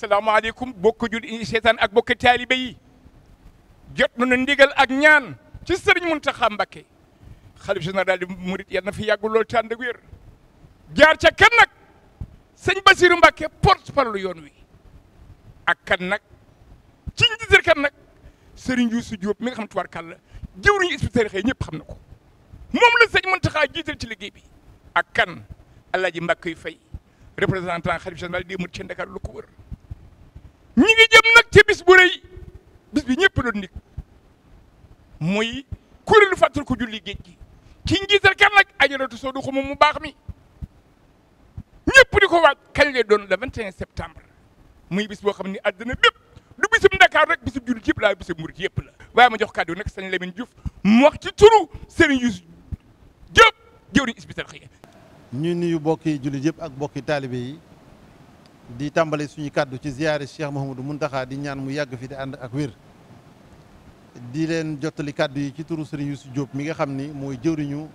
asalaamaaleykum bokk jul iñu seetaan ak bokk taalibe yi jot na ndigal ak ñaan ci sëriñ Muntaxa Mbakke xalif général di murit yal na fi yàggul lool tànd jaar ca kan nag sëñ Basiru Mbakke porte parole yoon wi ak kan nag ci njiital kan nag sëriñ Youssou Diop mi nga xam tubaarkàlla jëwriñu ispitéri xëy ñëpp xam na ko moom la sëñ Muntaxa jiital ci liggéey bi ak kan Alaaji Mbakke yu fay représentant xalif général di murit ci Ndakaaru lu ko wër ñi ngi jëm nag ci bis bu rëy bis bi ñëpp doon ndik muy kuréelu fàttali ko julli géej gi ci njiital kan nag ajaratu soo du xuma mu baax mi ñëpp di ko waaj kañ lay doon le 21 septembre muy bis boo xam ne àddina bépp du bisub Ndakaar rek bisub jullit yëpp laa bisub murit yëpp la waaye ma jox kàddu nag sëñ Lamine Diouf mu wax ci turu Serigne Youssou Diop jëwriñ Hizbut Tarqiyyah ñu nuyu mbokki jullit yëpp ak mbokki taalibe yi di tàmbale suñu kàddu ci ziyaare Cheikh Mouhamadou Mountakha di ñaan mu yàgg fi di ànd ak wér di leen jottali kàddu yi ci turu Serigne Youssou Diop mi nga xam ni mooy jëwriñu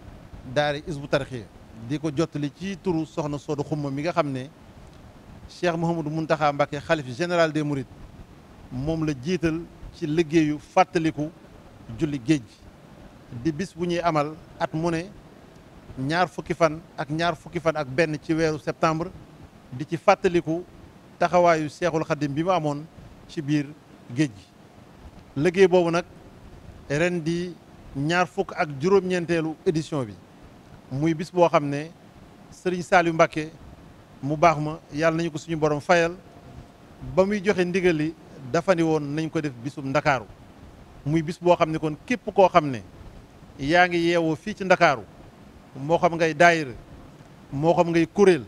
daari Hizbut Tarqiyyah di ko jottali ci turu soxna Soodu Xumma mi nga xam ne Cheikh Mouhamadou Mountakha Mbacké xalif général des Mourides moom la jiital ci liggéeyu fàttaliku julli géej di bis bu ñuy amal at mu ne ñaar fukki fan ak ñaar fukki fan ak benn ci weeru septembre di ci fàttaliku taxawaayu seexul xadim bi mu amoon ci biir géej gi liggéey boobu nag ren di ñaar fukk ak juróom-ñeenteelu édition bi muy bis boo xam ne sëriñ Saliou Mbacké mu baax ma yàlla nañu ko suñu borom fayal ba muy joxe ndigal li dafa ni woon nañ ko def bisum ndakaaru muy bis boo xam ne kon képp koo xam ne yaa ngi yeewoo fii ci ndakaaru moo xam ngay daayira moo xam ngay kuréel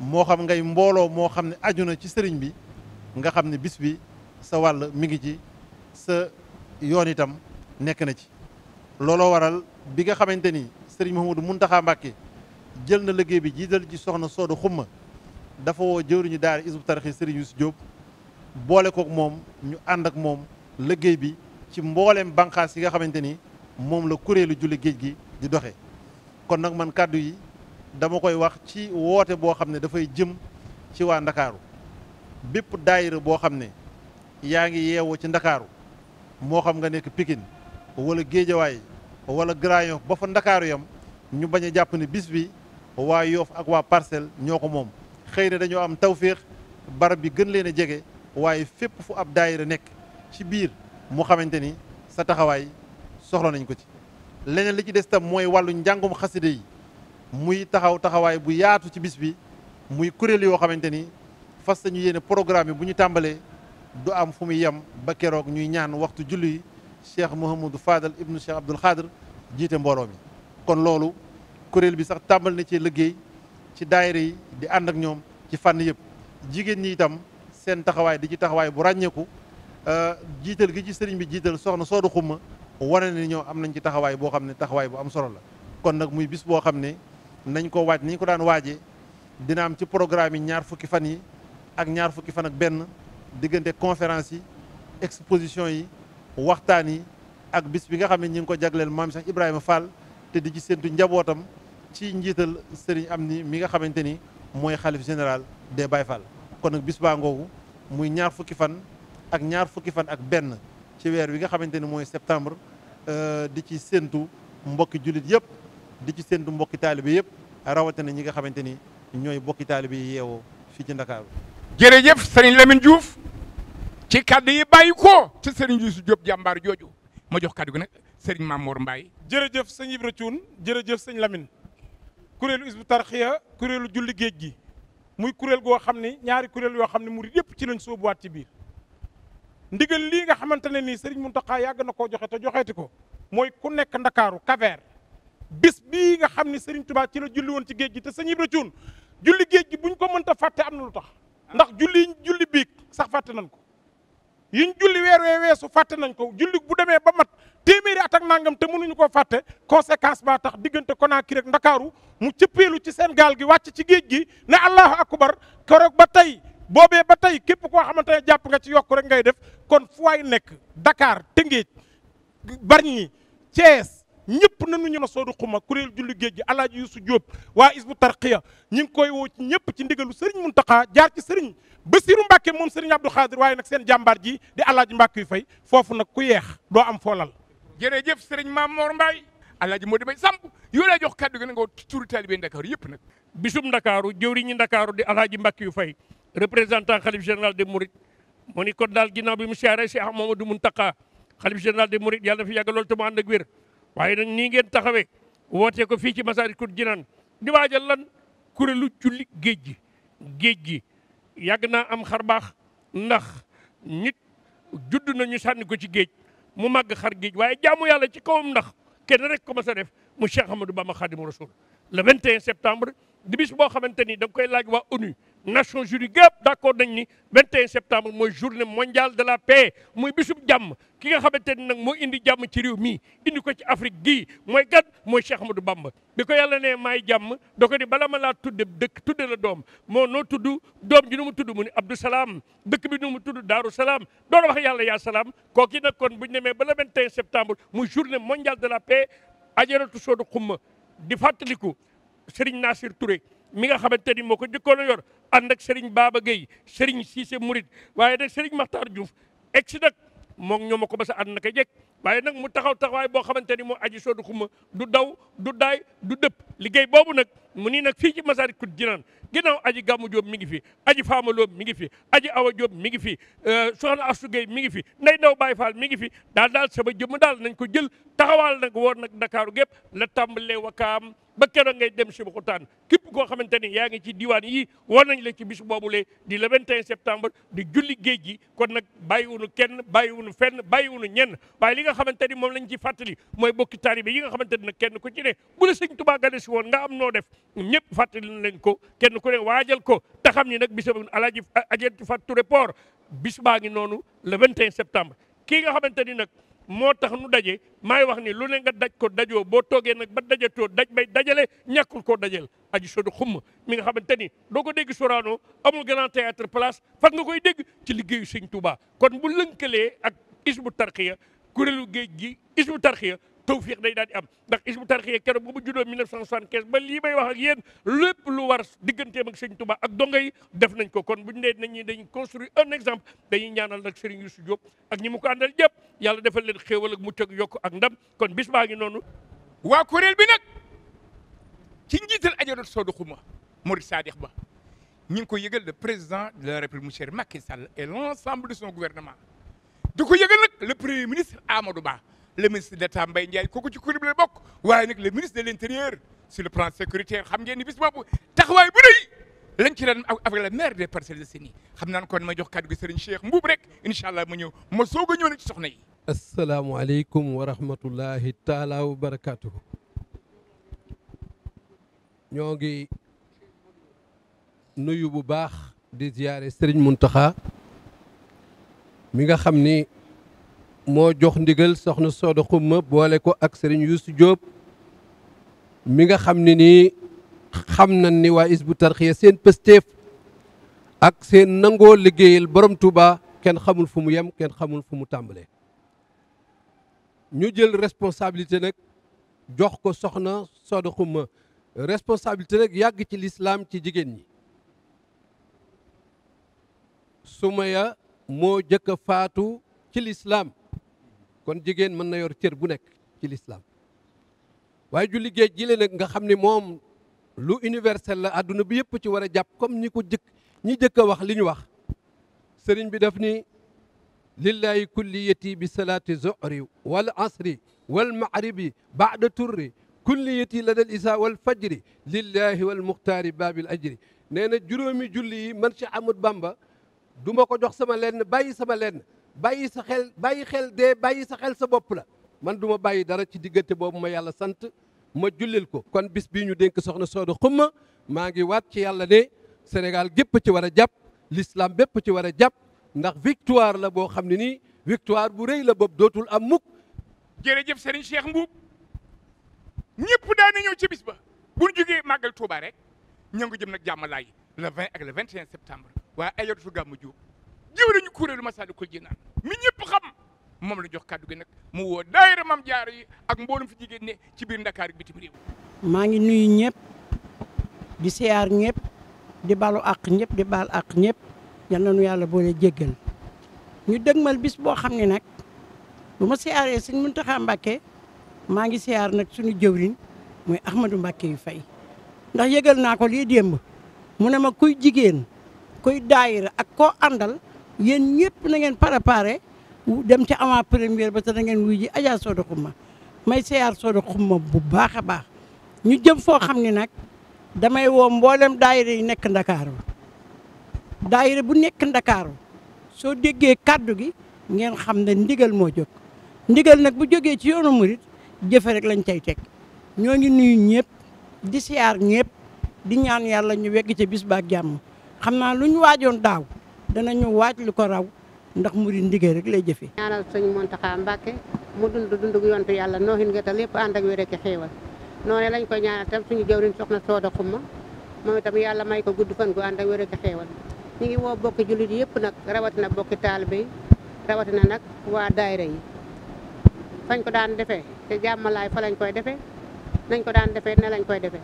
moo xam ngay mbooloo moo xam ne aju na ci sëriñ bi nga xam ne bis bi sa wàll mi ngi ci sa yoon itam nekk na ci looloo waral bi nga xamante ni sëriñ Mouhamadou Mountakha Mbacké jël na liggéey bi jiital ci soxna Soodu Xumma dafa woo jëwriñu daara Hizbut Tarqiyyah sëriñ Youssou Diop boole kook moom ñu ànd ak moom liggéey bi ci mbooleem banqaas yi nga xamante ni moom la kuréelu julli géej gi di doxe kon nag man kàddu yi dama koy wax ci woote boo xam ne dafay jëm ci waa ndakaaru bépp daayira boo xam ne yaa ngi yeewoo ci ndakaaru moo xam nga nekk pikin wala Géejawaay wala Grand Yoff ba fa ndakaaru ñu bañ a jàpp ne bis bi waa Yoff ak waa Parcelles ñoo ko moom xëy na dañoo am tawféex barab bi gën leen a jege waaye fépp fu ab daayira nekk ci biir mu xamante ni sa taxawaay soxla nañ ko ci leneen li ci des tam mooy wàllu njàngum xaside yi muy taxaw taxawaay bu yaatu ci bis bi muy kuréel yoo xamante ni fas nañu yéene programme yi bu ñu tàmbalee du am fu muy yem ba keroog ñuy ñaan waxtu julli cheikh Mouhamadou Fadal ibnu cheikh Abdoul Khadr jiite mbooloo mi. kon loolu kuréel bi sax tàmbal na ci liggéey ci daayira yi di ànd ak ñoom ci fànn yëpp jigéen ñi itam seen taxawaay di ci taxawaay bu ràññeeku euh, jiital gi ci sëriñ bi jiital soxna soodu xumma wane na ñoo am nañ ci taxawaay boo xam ne taxawaay bu am solo la kon nag muy bis boo xam ne. nañ ko waaj ni ko daan waaje dina am ci programme yi ñaar fukki fan yi ak ñaar fukki fan ak benn diggante conférence yi exposition yi waxtaan yi ak bis bi nga xamee ne ñi ngi ko jagleel maam Cheikh Ibrahima Fall te di ci séntu njabootam ci njiital sëriñ am ni mi nga xamante ni mooy xalif général des Baye Fall. kon nag bis baa ngoogu muy ñaar fukki fan ak ñaar fukki fan ak benn ci weer wi nga xamante ni mooy septembre euh, di ci séntu mbokki jullit yëpp. di ci séntu mbokki taalibe yëpp rawatina ñi nga xamante ni ñooy mbokki taalibe yi fii ci Ndakaaru jërëjëf sëriñ Lamine Diouf ci kàddu yi bàyyi ko ci sëriñ Youssou Diop jàmbaar jooju ma jox kàddu gi nag sëriñ Mamour Mbaye jërëjëf sëñ Ibra Thioune jërëjëf sëñ Lamine kuréelu Hizbut Tarqiyyah kuréelu julli géej gi muy kuréel goo xam ne ñaari kuréel yoo xam ne murid yëpp ci lañ waat ci biir ndigal lii nga xamante ne nii sëriñ Mountakha yàgg na koo joxe te ko mooy ku nekk Ndakaaru Kaver bis bii nga xam ne Serigne Touba ci la julli woon ci géej gi te sëñ Ibra Cuun julli géej gi buñ ko mënta fàtte am na lu tax ndax julli julli biig sax fàtte nañ ko yiñ julli weer wee weesu fàtte nañ ko julli bu demee ba mat téeméeri at ak nangam te mënuñu koo fàtte conséquence ba tax diggante Conakry rek Ndakaaru mu cëppeelu ci seen gaal gi wàcc ci géej gi ne allahu akbar keroog ba tey boobee ba tey képp koo xamante ne jàpp nga ci yokku rek ngay def kon fu waay nekk Dakar Tëngéej Bargny Thiès ñëpp nañu ñëw na soodu xuma kuréel julli géej gi alaaji Yuusu Jóob waa isbu tarqiya ñi ngi koy woo ci ñëpp ci ndigalu sëriñ Muntaxa jaar ci sëriñ Basiru Mbàkke moom sëriñ Abdou Xaadir waaye nag seen jàmbaar ji di alaaji Mbàkke yu fay foofu nag ku yeex doo am foolal jërëjëf sëriñ Maam Mor Mbaay alaaji moo di bay samp yoo lay jox kàddu gi na nga turu taalibe Ndakaaru yëpp nag bisum Ndakaaru jëwriñu Ndakaaru di alaaji Mbàkke yu fay représentant xalif général des Mourides mu ni kon daal ginnaaw bi mu siyaare Cheikh Mamadou Muntaxa xalif général des Mourides yàlla na fi yàgg lool te mu ànd waaye nag nii ngeen taxawee wootee ko fii ci Masaalikul Jinaan di waajal lan kuréelu julli géej gi géej gi yàgg naa am xar baax ndax nit judd nañu sànni ko ci géej mu màgg xar géej waaye jaamu yàlla ci kawam ndax kenn rek ko mas a def mu Cheikh Ahmadou Bamba Khadimu Rasul le 21 septembre di bis boo xamante ni da nga koy laaj waa ONU Nations Unies gépp d' accord nañ ni 21 septembre mooy journée mondiale de la paix muy bisub jàmm ki nga xamante ni nag moo indi jàmm ci réew mii indi ko ci Afrique gii mooy gat mooy Cheikh du Bamba bi ko yàlla ne maay jàmm da di ni bala ma laa tudde dëkk tudde la doom moo noo tudd doom ji nu mu tudd mu ni Abdou Salaam dëkk bi nu mu tudd Daaru Salaam doon wax yàlla ya salaam kooki nag kon bu ñu demee ba le 21 septembre muy journée mondiale de la paix ajaratu soodu xumma di fàttaliku Serigne Nasir Touré mi nga xamante ni moo ko jëkkoon yor ànd ak Serigne Baba Gueye Serigne Cissé Mouride waaye nag Serigne Makhtar Diouf moom ñoo ma ko basa ànd na koy jekk waaye nag mu taxaw taxawaay boo xamante ni moo aji soodu xuma du daw du daay du dëpp liggéey boobu nag mu nii nag fii ci Masaalikul Jinaan ginnaaw aji gàmmu Jóob mi ngi fi aji faama Loob mi ngi fi aji awa Jóob mi ngi fi euh, soxna Astu Gey mi ngi fi nday daw Baay Faal mi ngi fi daal daal sama jëmm daal nañ ko jël taxawaal nag woor nag Ndakaaru gépp la tàmbalee wakaam ba keroog ngay dem Sébikotane képp koo xamante ni yaa ngi ci diwaan yi war nañ la ci bis boobule di le 21 septembre di julli géej gi kon nag bàyyiwunu kenn bàyyiwunu fenn bàyyiwunu ñenn waaye li nga xamante ni moom lañ ci fàttali mooy bokki taalibe yi nga xamante ni nag kenn ku ci ne bu la sëñ Tuubaa si woon nga am noo def ñëpp fàttali leen ko kenn ku ne waajal ko te xam ni nag bisam Alaaji Ajaratu Fatou Touré Port bis baa ngi noonu le 21 septembre kii nga xamante ni nag moo tax nu daje maay wax ni lu ne nga daj ko dajoo boo toogee nag ba dajatoo daj bay dajale ñàkkul koo dajal aji sodu xumma mi nga xamante ni doo ko dégg Sorano amul grand théâtre place fan nga koy dégg ci liggéeyu Sëñ Touba kon bu lënkalee ak isbu tarxiya kuréelu géej gi isbu tarxiya tawfiq day daal di am ndax isbu tarxiya keroog bu mu juddoo 1975 ba lii may wax ak lépp lu war digganteem ak sëñ Touba ak donga def nañ ko kon buñu nee nañ dañ construire un exemple dañuy ñaanal nag Serigne Youssou Diop ak ñi mu ko àndal jëpp defal leen xéewal ak mucc ak yokk ak ndam kon bis baa ngi noonu waa kuréel bi nag ci njiital ajarot soodu xuma Mourid Sadikh Ba ñu ngi ko yëgal le président de la république monsieur Macky Sall et l' son gouvernement di ko yëgal nag le premier ministre le ministre d'État Mbaye Ndiaye kooku ci kuréel bi la bokk waaye nag le ministre de l'intérieur sur le plan sécuritaire xam ngeen ni bis boobu taxawaay bu rëy lañ ci ren avec le maire des Parcelles Assainies xam naan kon ma jox kàddu gi Serigne Cheikh Mbuub rek incha allah ma ñëw ma soog a ñëw nag ci soxna yi. asalaamualeykum wa rahmatullahi taala wa barakaatu. ñoo ngi nuyu bu baax di ziare Serigne Mountakha moo jox ndigal soxna Sooda Xumma boole ko ak sëriñ Yuusu Jóob mi nga xam ne nii xam nañ ni waa is bu Tarqiyyah seen pësteef ak seen nangoo liggéeyal borom Touba kenn xamul fu mu yem kenn xamul fu mu tàmbalee ñu jël responsabilité nag jox ko soxna Sooda Xumma responsabilité nag yàgg ci lislaam ci jigéen ñi Sumaya moo jëkk a faatu ci lislaam kon jigéen mën na yor cër bu nekk ci lislaam waaye julli géej gi nag nga xam ni moom lu universel la àdduna bi yëpp ci war a jàpp comme ñi ko jëkk ñi jëkk a wax li ñu wax sëriñ bi daf ni lillahi kulliyati bi salaati zuhri wal asri wal maghribi baada turri kulliyati la dal wal fajri lillahi wal muxtaari baabil ajri nee na juróomi julli yi man Cheikh Ahmadou bàmba du ma ko jox sama lenn bàyyi sama lenn bàyyi sa xel bàyyi xel de bàyyi sa xel sa bopp la man du ma bàyyi dara ci diggante boobu ma yàlla sant ma jullil ko kon bis bii ñu dénk soxna Sooda Xuma maa ngi waat ci yàlla ne Sénégal gépp ci war a jàpp l'islam bépp ci war a jàpp ndax victoire la boo xam ne nii victoire bu rëy la boobu dootul am mukk jërëjëf Serigne Cheikh Mbuub ñëpp daan na ñëw ci bis ba bu ñu jógee màggal Touba rek ñoo ngi jëm nag jàmmalaay le 20 ak le 21 septembre waaye ayatu gàmmu Jóob jëwriñu kuréelu Masaalikul Jinaan mi ñëpp xam moom la jox kàddu gi nag mu woo daayira Maam Jaara yi ak mboolum fi jigéen ne ci biir Ndakaar ak bitim réew. maa ngi nuyu ñëpp di siyaar ñëpp di balu àq ñëpp di baal àq ñëpp yal na nu yàlla boole jéggal ñu dëgmal bis boo xam ne nag bu ma siyaaree Sëñ Muntaxa mbake maa ngi siyaar nag suñu jëwriñ mooy Ahmadou Mbàkke yu fay ndax yëgal naa ko lii démb mu ne ma kuy jigéen kuy daayira ak koo àndal yéen ñëpp na ngeen préparé dem ci avant première ba te na ngeen wuy ji Adja Soda Xuma may seyaar Soda Xuma bu baax a baax ñu jëm foo xam ne nag damay woo mboolem daayira yi nekk ndakaaru daayira bu nekk ndakaaru soo déggee kàddu gi ngeen xam ne ndigal moo jóg ndigal nag bu jógee ci yoonu murit jëfe rek lañ cay teg ñoo ngi nuyu ñëpp di siyaar ñëpp di ñaan yàlla ñu wegg ca bis ba ak jàmm xam naa lu ñu waajoon daaw danañu waaj lu ko raw ndax murid ndigee rek lay jëfee. ñaanal sëñ Mountakha Mbacké mu dund dund gu yontu yàlla noohin nga ta lépp ànd ak wér ak xéewal noonu lañ koy ñaanal tam suñu jëwriñ soxna Sooda Xuma moom itam yàlla may ko gudd fan gu ànd ak wér ak ñi ngi woo bokki jullit yëpp nag rawatina bokki taalibe yi rawatina nag waa daayira yi fañ ko daan defee te jàmmalaay fa lañ koy defee nañ ko daan defee ne lañ koy defee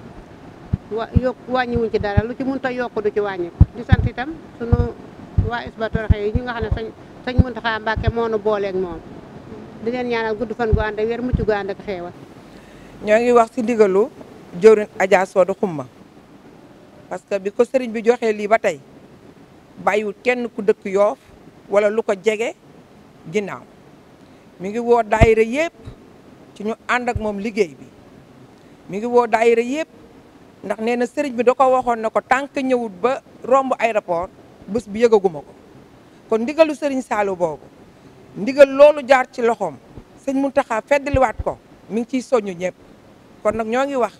wa yokk wàññiwuñ ci dara lu ci mënut a yokk du waa Hizbut Tarqiyyah yi ñu nga xam ne sañ sañ Muntaxa Mbàkke moo nu booleeg moom di leen ñaanal gudd fan gu ànd ak wér ak xeewal ñoo ngi wax ci ndigalu jëwriñ Adja Soodu Xumma parce que bi ko sëriñ bi joxee lii ba tey bàyyiwul kenn ku dëkk yoof wala lu ko jege ginnaaw mi ngi woo daayira yëpp ci ñu ànd ak moom liggéey bi mi ngi woo daayira yëpp ndax nee na sëriñ bi da ko waxoon na ko tànk ñëwut ba romb aéroport bés bi yëgaguma ko kon ndigalu sëriñ Saalu boobu ndigal loolu jaar ci loxoom sëñ Muntaxa feddaliwaat ko mu ngi ciy soññu ñëpp kon nag ñoo ngi wax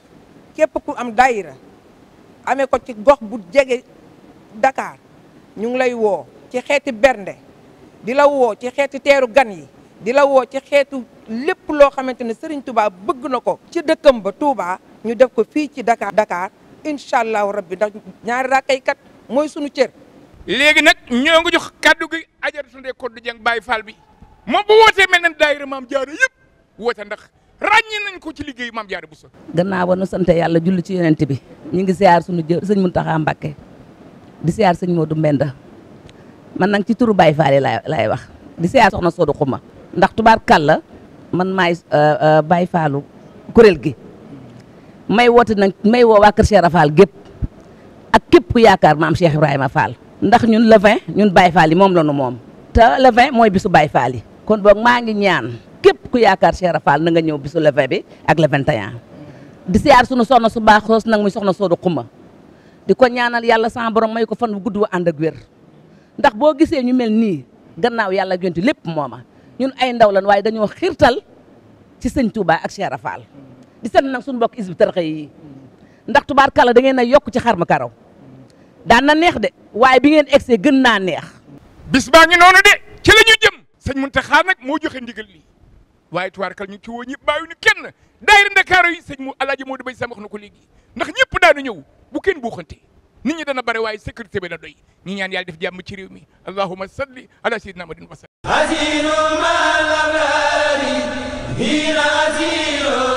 képp ku am daayira amee ko ci gox bu jege dakaar ñu ngi lay woo ci xeeti bernde di la woo ci xeeti teeru gan yi di la woo ci xeetu lépp loo xamante ne Serigne Touba bëgg na ko ci dëkkam ba Touba ñu def ko fii ci dakaar dakaar incha allahu rabbi ndax ñaari rakkay kat mooy sunu cër léegi nag ñoo ngi jox kàddu gi ajar sundee koddu jeng bàyyi faal bi moom bu wootee mel na daayira maam jaara yëpp woote ndax ràññee nañ ko ci liggéey maam jaara bu sa gannaaw ba nu sant yàlla julli ci yonent bi ñu ngi siyaar sunu jë sëñ Muntaxa Mbàkke di siyaar sëñ Moodu Mbenda man nan ci turu bàyyi faal yi laay laay wax di siyaar soxna Soodu Xuma ndax tubaar kàlla man maay euh, euh, bàyyi faalu kuréel gi may woote nag may woo waa kër Cheikh Fall gépp ak képp ku yaakaar ndax ñun le 20 ñun Baye Fall yi moom la nu moom te le 20 mooy bisu Baye Fall yi kon boog maa ngi ñaan képp ku yaakaar Cheikh Rafal na nga ñëw bisu le 20 bi ak le 21. di siyaar sunu soxna su baax xoos nag muy soxna soodu xuma di ko ñaanal yàlla sama borom may ko fan bu gudd wa ànd ak wér ndax boo gisee ñu mel nii gannaaw yàlla ak yonent lépp mooma ñun ay ndaw lan waaye dañoo xiirtal ci sëñ Touba ak Cheikh Rafal di sant nag suñu mbokk Hizbut Tarqiyyah yi ndax tubaar kàlla da ngeen a yokk ci xarma karaw daan na neex de waaye bi ngeen egsee gën naa neex. bis baa ngi noonu de ci la ñu jëm sëñ Mountakha nag moo joxe ndigal li waaye tubaarkal ñu ci woo ñëpp bàyyi ñu kenn daayira Ndakaaru yi sëñ mu alaaji Modou Bay Sam wax na ko léegi ndax ñëpp daanu ñëw bu kenn buuxante nit ñi dana bare waaye sécurité bi na doy ñi ñaan yàlla def jàmm ci réew mi allahumma salli ala sayyidina Muhammadin wa sallam.